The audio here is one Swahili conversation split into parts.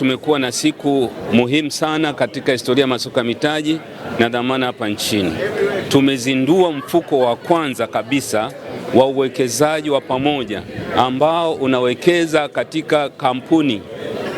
tumekuwa na siku muhimu sana katika historia ya masoko ya mitaji na dhamana hapa nchini. Tumezindua mfuko wa kwanza kabisa wa uwekezaji wa pamoja ambao unawekeza katika kampuni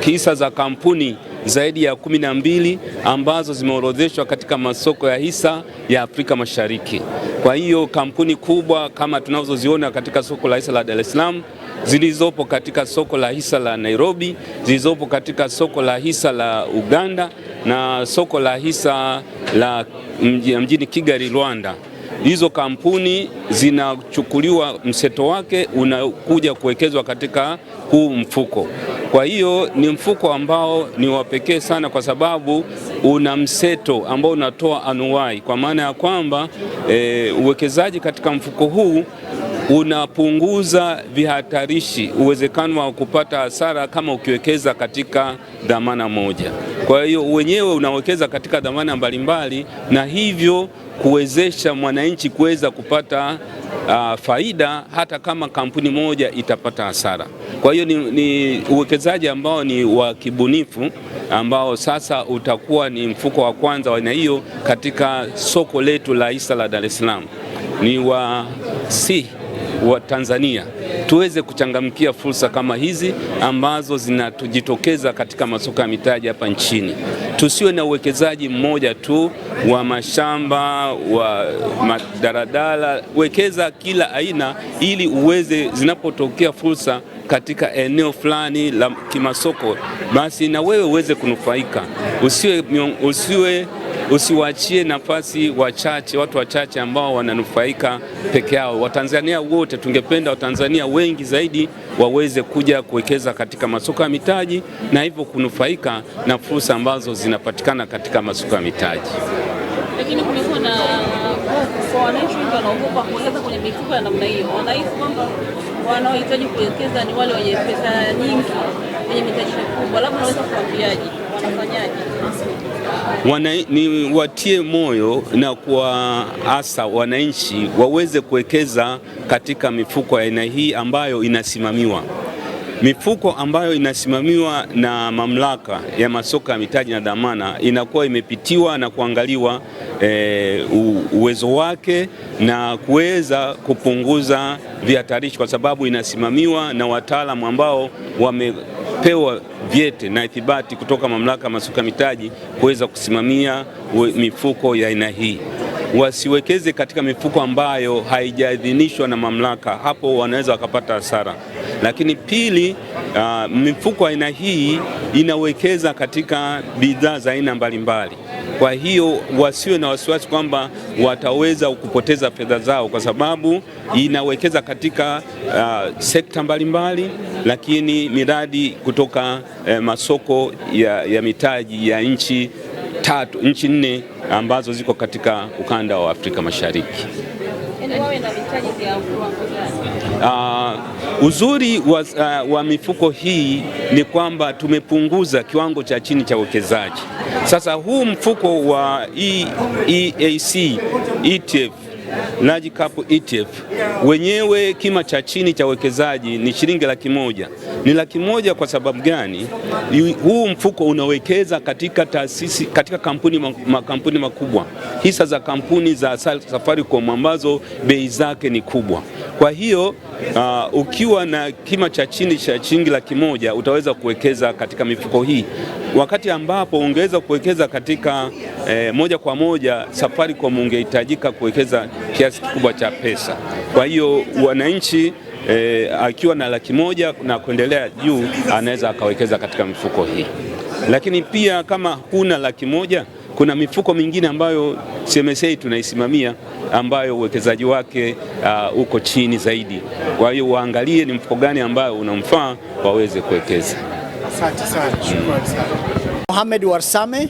hisa za kampuni zaidi ya kumi na mbili ambazo zimeorodheshwa katika masoko ya hisa ya Afrika Mashariki. Kwa hiyo kampuni kubwa kama tunazoziona katika soko la hisa la Dar es Salaam zilizopo katika soko la hisa la Nairobi, zilizopo katika soko la hisa la Uganda na soko la hisa la mjini Kigali, Rwanda. Hizo kampuni zinachukuliwa mseto wake unakuja kuwekezwa katika huu mfuko. Kwa hiyo ni mfuko ambao ni wa pekee sana, kwa sababu una mseto ambao unatoa anuwai, kwa maana ya kwamba e, uwekezaji katika mfuko huu unapunguza vihatarishi, uwezekano wa kupata hasara kama ukiwekeza katika dhamana moja. Kwa hiyo wenyewe unawekeza katika dhamana mbalimbali, na hivyo kuwezesha mwananchi kuweza kupata uh, faida hata kama kampuni moja itapata hasara. Kwa hiyo ni, ni uwekezaji ambao ni wa kibunifu ambao sasa utakuwa ni mfuko wa kwanza wa aina hiyo katika soko letu la hisa la Dar es Salaam. Ni wasihi wa Tanzania tuweze kuchangamkia fursa kama hizi ambazo zinatujitokeza katika masoko ya mitaji hapa nchini. Tusiwe na uwekezaji mmoja tu wa mashamba wa madaradala wekeza kila aina, ili uweze zinapotokea fursa katika eneo fulani la kimasoko, basi na wewe uweze kunufaika, usiwe usiwe usiwachie nafasi wachache, watu wachache ambao wananufaika peke yao. Watanzania wote tungependa Watanzania wengi zaidi waweze kuja kuwekeza katika masoko ya mitaji na hivyo kunufaika na fursa ambazo zinapatikana katika masoko ya mitaji. Lakini kumekuwa na kwa wananchi wengi wanaogopa kuwekeza kwenye mifuko ya namna hiyo. Wanahisi kwamba wanaohitaji kuwekeza ni wale wenye pesa nyingi, wenye mitaji mikubwa. Labda unaweza kuambiaje wanafanyaje? Wana, ni watie moyo na hasa wananchi waweze kuwekeza katika mifuko ya aina hii ambayo inasimamiwa. Mifuko ambayo inasimamiwa na mamlaka ya masoko ya mitaji na dhamana inakuwa imepitiwa na kuangaliwa e, uwezo wake na kuweza kupunguza vihatarishi, kwa sababu inasimamiwa na wataalamu ambao wamepewa vyeti na ithibati kutoka mamlaka ya masoko ya mitaji kuweza kusimamia mifuko ya aina hii. Wasiwekeze katika mifuko ambayo haijaidhinishwa na mamlaka, hapo wanaweza wakapata hasara. Lakini pili, uh, mifuko aina hii inawekeza katika bidhaa za aina mbalimbali. Kwa hiyo wasiwe na wasiwasi kwamba wataweza kupoteza fedha zao, kwa sababu inawekeza katika uh, sekta mbalimbali mbali, lakini miradi kutoka uh, masoko ya, ya mitaji ya nchi tatu nchi nne ambazo ziko katika ukanda wa Afrika Mashariki. Uh, uzuri wa, uh, wa mifuko hii ni kwamba tumepunguza kiwango cha chini cha uwekezaji. Sasa huu mfuko wa EAC e ETF large cap ETF wenyewe kima cha chini cha uwekezaji ni shilingi laki moja. Ni laki moja kwa sababu gani? Huu mfuko unawekeza katika taasisi, katika kampuni, makampuni makubwa, hisa za kampuni za Safaricom ambazo bei zake ni kubwa, kwa hiyo Uh, ukiwa na kima cha chini cha shilingi laki moja utaweza kuwekeza katika mifuko hii, wakati ambapo ungeweza kuwekeza katika eh, moja kwa moja Safaricom, ungehitajika kuwekeza kiasi kikubwa cha pesa. Kwa hiyo wananchi eh, akiwa na laki moja na kuendelea juu anaweza akawekeza katika mifuko hii, lakini pia kama huna laki moja kuna mifuko mingine ambayo CMSA tunaisimamia ambayo uwekezaji wake uh, uko chini zaidi. Kwa hiyo waangalie ni mfuko gani ambayo unamfaa waweze kuwekeza. Asante sana, shukrani sana. Mm. Mohamed Warsame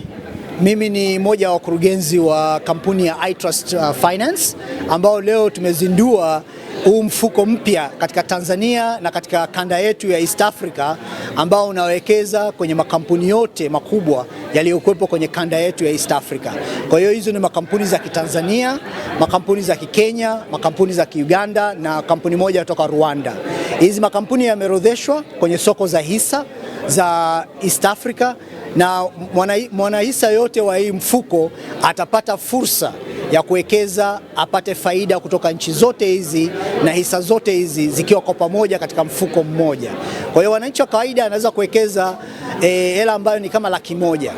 mimi ni mmoja wa wakurugenzi wa kampuni ya iTrust uh, Finance ambao leo tumezindua huu mfuko mpya katika Tanzania na katika kanda yetu ya East Africa ambao unawekeza kwenye makampuni yote makubwa yaliyokuwepo kwenye kanda yetu ya East Africa. Kwa hiyo hizo ni makampuni za Kitanzania, makampuni za Kikenya, makampuni za Kiuganda na kampuni moja kutoka Rwanda. Hizi makampuni yameorodheshwa kwenye soko za hisa za East Africa na mwanahisa mwana yote wa hii mfuko atapata fursa ya kuwekeza apate faida kutoka nchi zote hizi na hisa zote hizi zikiwa kwa pamoja katika mfuko mmoja. Kwa hiyo wananchi wa kawaida anaweza kuwekeza eh, hela e, ambayo ni kama laki moja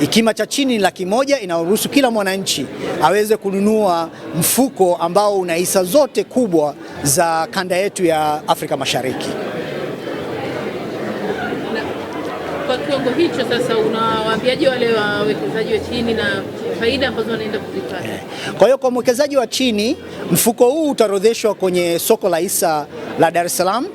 ikima cha chini ni laki moja inayoruhusu kila mwananchi aweze kununua mfuko ambao una hisa zote kubwa za kanda yetu ya Afrika Mashariki. Kwa kiwango hicho sasa, unawaambiaje wale wawekezaji wa chini na faida ambazo wanaenda kuzipata. Eh. Kwa hiyo kwa mwekezaji wa chini, mfuko huu utaorodheshwa kwenye soko la hisa la Dar es Salaam.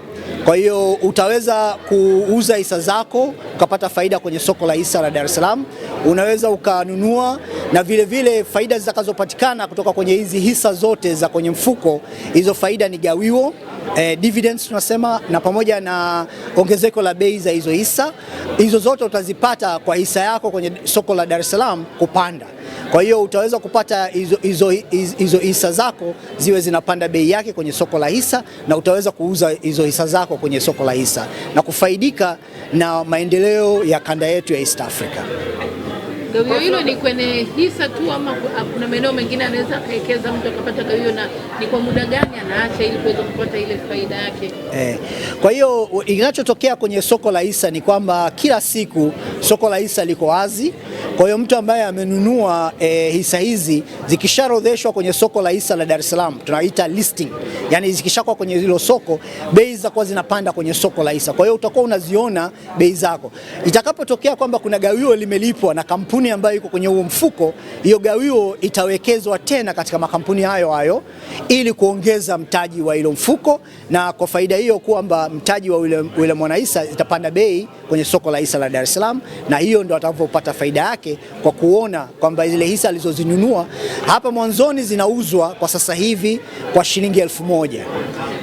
Kwa hiyo utaweza kuuza hisa zako ukapata faida kwenye soko la hisa la Dar es Salaam, unaweza ukanunua, na vile vile faida zitakazopatikana kutoka kwenye hizi hisa zote za kwenye mfuko, hizo faida ni gawio eh, dividends tunasema, na pamoja na ongezeko la bei za hizo hisa. Hizo zote utazipata kwa hisa yako kwenye soko la Dar es Salaam kupanda. Kwa hiyo utaweza kupata hizo hisa zako ziwe zinapanda bei yake kwenye soko la hisa, na utaweza kuuza hizo hisa zako kwenye soko la hisa na kufaidika na maendeleo ya kanda yetu ya East Africa. Gawio hilo ni kwenye hisa tu ama kuna maeneo mengine anaweza akawekeza mtu akapata gawio, na ni kwa muda gani anaacha ili kuweza kupata ile faida yake? Eh, kwa hiyo inachotokea kwenye soko la hisa ni kwamba kila siku soko la hisa liko wazi. Kwa hiyo mtu ambaye amenunua e, hisa hizi zikisharodheshwa kwenye soko la hisa la Dar es Salaam tunaita listing, yani zikishakuwa kwenye hilo soko, bei zitakuwa zinapanda kwenye soko la hisa. Kwa hiyo utakuwa unaziona bei zako. Itakapotokea kwamba kuna gawio limelipwa na kampuni ambayo iko kwenye huo mfuko, hiyo gawio itawekezwa tena katika makampuni hayo hayo ili kuongeza mtaji wa hilo mfuko, na kwa faida hiyo kwamba mtaji wa ule mwanahisa itapanda bei kwenye soko la hisa la Dar es Salaam na hiyo ndo atakapopata faida yake kwa kuona kwamba zile hisa alizozinunua hapa mwanzoni zinauzwa kwa sasa hivi kwa shilingi elfu moja.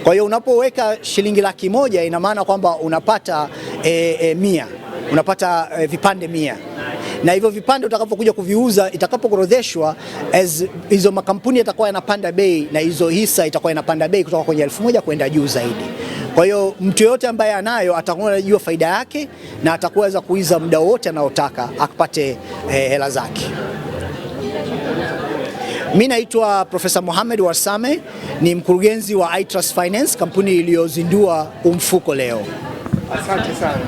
Kwa hiyo unapoweka shilingi laki moja ina maana kwamba unapata e, e, mia unapata e, vipande mia na hivyo vipande utakapokuja kuviuza itakapokorodheshwa, hizo makampuni yatakuwa yanapanda bei na hizo hisa itakuwa inapanda bei kutoka kwenye elfu moja kwenda juu zaidi. Kwa hiyo mtu yoyote ambaye anayo atakuwa anajua faida yake na atakuwa aweza kuiza muda wote anaotaka akapate eh, hela zake. Mi naitwa Profesa Mohamed Warsame, ni mkurugenzi wa iTrust Finance, kampuni iliyozindua umfuko leo. Asante sana.